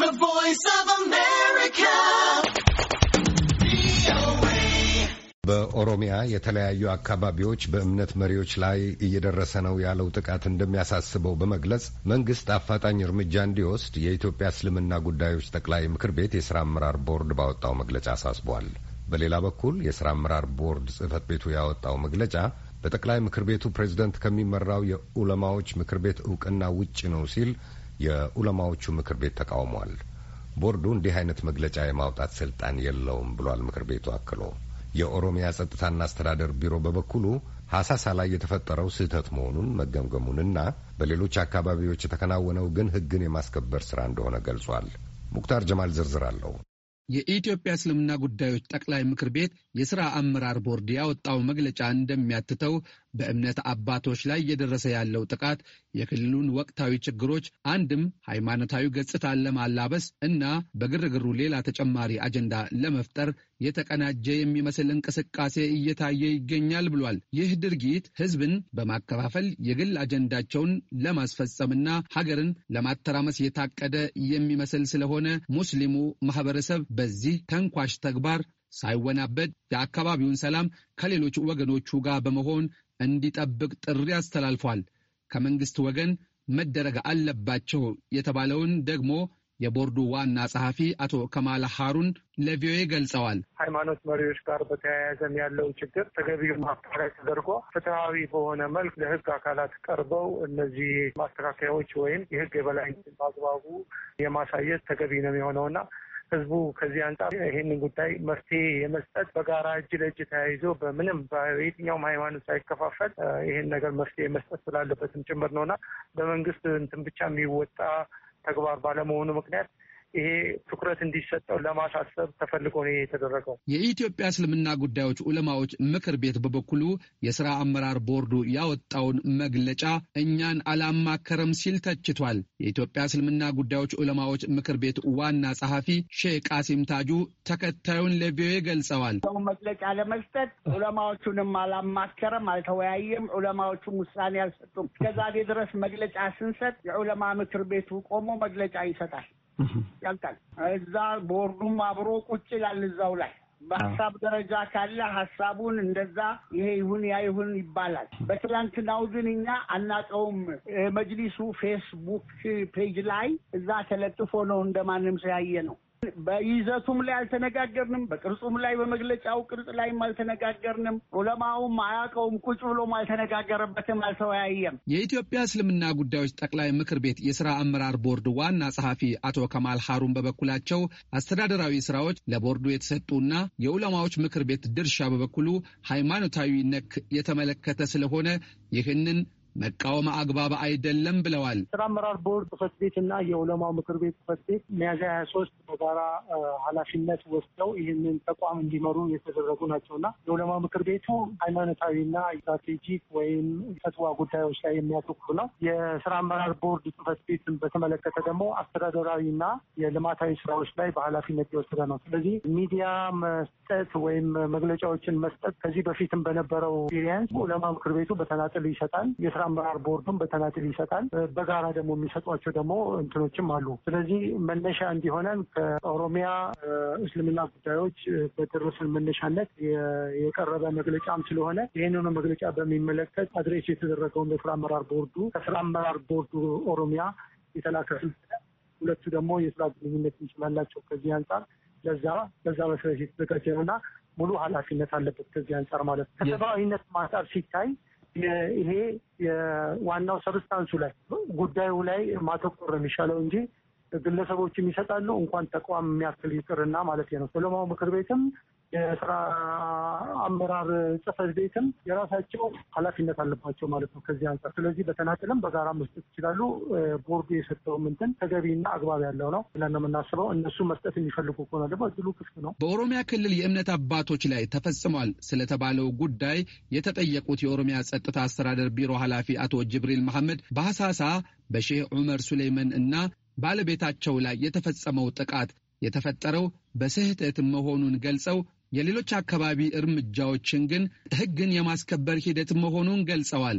The Voice of America. በኦሮሚያ የተለያዩ አካባቢዎች በእምነት መሪዎች ላይ እየደረሰ ነው ያለው ጥቃት እንደሚያሳስበው በመግለጽ መንግስት አፋጣኝ እርምጃ እንዲወስድ የኢትዮጵያ እስልምና ጉዳዮች ጠቅላይ ምክር ቤት የስራ አመራር ቦርድ ባወጣው መግለጫ አሳስቧል። በሌላ በኩል የስራ አመራር ቦርድ ጽህፈት ቤቱ ያወጣው መግለጫ በጠቅላይ ምክር ቤቱ ፕሬዝደንት ከሚመራው የኡለማዎች ምክር ቤት እውቅና ውጭ ነው ሲል የዑለማዎቹ ምክር ቤት ተቃውሟል። ቦርዱ እንዲህ አይነት መግለጫ የማውጣት ስልጣን የለውም ብሏል ምክር ቤቱ አክሎ። የኦሮሚያ ጸጥታና አስተዳደር ቢሮ በበኩሉ ሐሳሳ ላይ የተፈጠረው ስህተት መሆኑን መገምገሙንና በሌሎች አካባቢዎች የተከናወነው ግን ሕግን የማስከበር ስራ እንደሆነ ገልጿል። ሙክታር ጀማል ዝርዝር አለው። የኢትዮጵያ እስልምና ጉዳዮች ጠቅላይ ምክር ቤት የሥራ አመራር ቦርድ ያወጣው መግለጫ እንደሚያትተው በእምነት አባቶች ላይ እየደረሰ ያለው ጥቃት የክልሉን ወቅታዊ ችግሮች አንድም ሃይማኖታዊ ገጽታን ለማላበስ እና በግርግሩ ሌላ ተጨማሪ አጀንዳ ለመፍጠር የተቀናጀ የሚመስል እንቅስቃሴ እየታየ ይገኛል ብሏል። ይህ ድርጊት ሕዝብን በማከፋፈል የግል አጀንዳቸውን ለማስፈጸምና ሀገርን ለማተራመስ የታቀደ የሚመስል ስለሆነ ሙስሊሙ ማህበረሰብ በዚህ ተንኳሽ ተግባር ሳይወናበድ የአካባቢውን ሰላም ከሌሎች ወገኖቹ ጋር በመሆን እንዲጠብቅ ጥሪ አስተላልፏል። ከመንግስት ወገን መደረግ አለባቸው የተባለውን ደግሞ የቦርዱ ዋና ጸሐፊ አቶ ከማል ሃሩን ለቪኦኤ ገልጸዋል። ሃይማኖት መሪዎች ጋር በተያያዘም ያለው ችግር ተገቢው ማጣሪያ ተደርጎ ፍትሐዊ በሆነ መልክ ለሕግ አካላት ቀርበው እነዚህ ማስተካከያዎች ወይም የሕግ የበላይነት በአግባቡ የማሳየት ተገቢ ነው የሆነውና ህዝቡ ከዚህ አንጻር ይህንን ጉዳይ መፍትሄ የመስጠት በጋራ እጅ ለእጅ ተያይዞ በምንም በየትኛውም ሃይማኖት ሳይከፋፈል ይህን ነገር መፍትሄ መስጠት ስላለበትም ጭምር ነውና በመንግስት እንትን ብቻ የሚወጣ ተግባር ባለመሆኑ ምክንያት ይሄ ትኩረት እንዲሰጠው ለማሳሰብ ተፈልጎ ነው የተደረገው። የኢትዮጵያ እስልምና ጉዳዮች ዑለማዎች ምክር ቤት በበኩሉ የስራ አመራር ቦርዱ ያወጣውን መግለጫ እኛን አላማከረም ሲል ተችቷል። የኢትዮጵያ እስልምና ጉዳዮች ዑለማዎች ምክር ቤት ዋና ጸሐፊ ሼህ ቃሲም ታጁ ተከታዩን ለቪኦኤ ገልጸዋል። ሰው መግለጫ ለመስጠት ዑለማዎቹንም አላማከረም፣ አልተወያየም፣ ዑለማዎቹም ውሳኔ አልሰጡም። እስከዛሬ ድረስ መግለጫ ስንሰጥ የዑለማ ምክር ቤቱ ቆሞ መግለጫ ይሰጣል። ያልቃል። እዛ ቦርዱም አብሮ ቁጭ ይላል እዛው ላይ በሀሳብ ደረጃ ካለ ሀሳቡን እንደዛ ይሄ ይሁን ያ ይሁን ይባላል። በትላንትናው ግን እኛ አናቀውም። መጅሊሱ ፌስቡክ ፔጅ ላይ እዛ ተለጥፎ ነው እንደማንም ሲያየ ነው በይዘቱም ላይ አልተነጋገርንም። በቅርጹም ላይ በመግለጫው ቅርጽ ላይም አልተነጋገርንም። ዑለማውም አያውቀውም፣ ቁጭ ብሎም አልተነጋገረበትም፣ አልተወያየም። የኢትዮጵያ እስልምና ጉዳዮች ጠቅላይ ምክር ቤት የስራ አመራር ቦርድ ዋና ጸሐፊ አቶ ከማል ሀሩን በበኩላቸው አስተዳደራዊ ስራዎች ለቦርዱ የተሰጡና የዑለማዎች ምክር ቤት ድርሻ በበኩሉ ሃይማኖታዊ ነክ የተመለከተ ስለሆነ ይህንን መቃወም አግባብ አይደለም ብለዋል። ስራ አመራር ቦርድ ጽህፈት ቤት እና የዑለማው ምክር ቤት ጽህፈት ቤት ሚያዝያ ሀያ ሶስት በጋራ ኃላፊነት ወስደው ይህንን ተቋም እንዲመሩ የተደረጉ ናቸውና የዑለማው ምክር ቤቱ ሃይማኖታዊና ስትራቴጂክ ወይም ፈትዋ ጉዳዮች ላይ የሚያተኩር ነው። የስራ አመራር ቦርድ ጽህፈት ቤትን በተመለከተ ደግሞ አስተዳደራዊና የልማታዊ ስራዎች ላይ በኃላፊነት የወሰደ ነው። ስለዚህ ሚዲያ መስጠት ወይም መግለጫዎችን መስጠት ከዚህ በፊትም በነበረው ኤሪያንስ ዑለማ ምክር ቤቱ በተናጥል ይሰጣል። አመራር ቦርዱን በተናጥል ይሰጣል። በጋራ ደግሞ የሚሰጧቸው ደግሞ እንትኖችም አሉ። ስለዚህ መነሻ እንዲሆነን ከኦሮሚያ እስልምና ጉዳዮች በደረሰን መነሻነት የቀረበ መግለጫም ስለሆነ ይህንኑ መግለጫ በሚመለከት አድሬስ የተደረገውን የስራ አመራር ቦርዱ ከስራ አመራር ቦርዱ ኦሮሚያ የተላከ ሁለቱ ደግሞ የስራ ግንኙነት ስላላቸው ከዚህ አንጻር ለዛ በዛ መሰረት የተዘጋጀ ነው ነውና ሙሉ ኃላፊነት አለበት ከዚህ አንጻር ማለት ነው። ከሰብአዊነት አንጻር ሲታይ ይሄ የዋናው ሰብስታንሱ ላይ ጉዳዩ ላይ ማተኮር ነው የሚሻለው እንጂ ግለሰቦችም ይሰጣሉ እንኳን ተቋም የሚያክል ይቅርና ማለት ነው። ሰለማው ምክር ቤትም የስራ አመራር ጽህፈት ቤትም የራሳቸው ኃላፊነት አለባቸው ማለት ነው ከዚህ አንጻር። ስለዚህ በተናጥልም በጋራ መስጠት ይችላሉ። ቦርዱ የሰጠው ምንትን ተገቢና አግባብ ያለው ነው ብለን ነው የምናስበው። እነሱ መስጠት የሚፈልጉ ከሆነ ደግሞ እድሉ ክፍት ነው። በኦሮሚያ ክልል የእምነት አባቶች ላይ ተፈጽሟል ስለተባለው ጉዳይ የተጠየቁት የኦሮሚያ ጸጥታ አስተዳደር ቢሮ ኃላፊ አቶ ጅብሪል መሐመድ በሐሳሳ በሼህ ዑመር ሱሌይመን እና ባለቤታቸው ላይ የተፈጸመው ጥቃት የተፈጠረው በስህተት መሆኑን ገልጸው የሌሎች አካባቢ እርምጃዎችን ግን ሕግን የማስከበር ሂደት መሆኑን ገልጸዋል።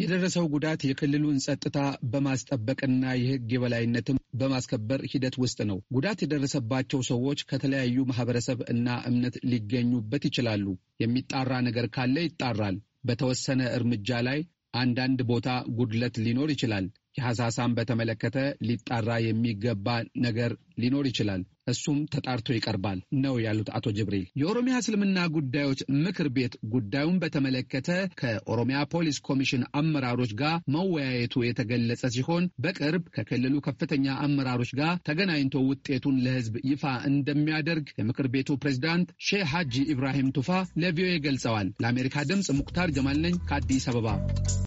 የደረሰው ጉዳት የክልሉን ጸጥታ በማስጠበቅና የሕግ የበላይነትም በማስከበር ሂደት ውስጥ ነው። ጉዳት የደረሰባቸው ሰዎች ከተለያዩ ማህበረሰብ እና እምነት ሊገኙበት ይችላሉ። የሚጣራ ነገር ካለ ይጣራል። በተወሰነ እርምጃ ላይ አንዳንድ ቦታ ጉድለት ሊኖር ይችላል። የሐሳሳን በተመለከተ ሊጣራ የሚገባ ነገር ሊኖር ይችላል። እሱም ተጣርቶ ይቀርባል ነው ያሉት አቶ ጅብሪል። የኦሮሚያ እስልምና ጉዳዮች ምክር ቤት ጉዳዩን በተመለከተ ከኦሮሚያ ፖሊስ ኮሚሽን አመራሮች ጋር መወያየቱ የተገለጸ ሲሆን በቅርብ ከክልሉ ከፍተኛ አመራሮች ጋር ተገናኝቶ ውጤቱን ለሕዝብ ይፋ እንደሚያደርግ የምክር ቤቱ ፕሬዝዳንት ሼህ ሐጂ ኢብራሂም ቱፋ ለቪኦኤ ገልጸዋል። ለአሜሪካ ድምፅ ሙክታር ጀማል ነኝ ከአዲስ አበባ።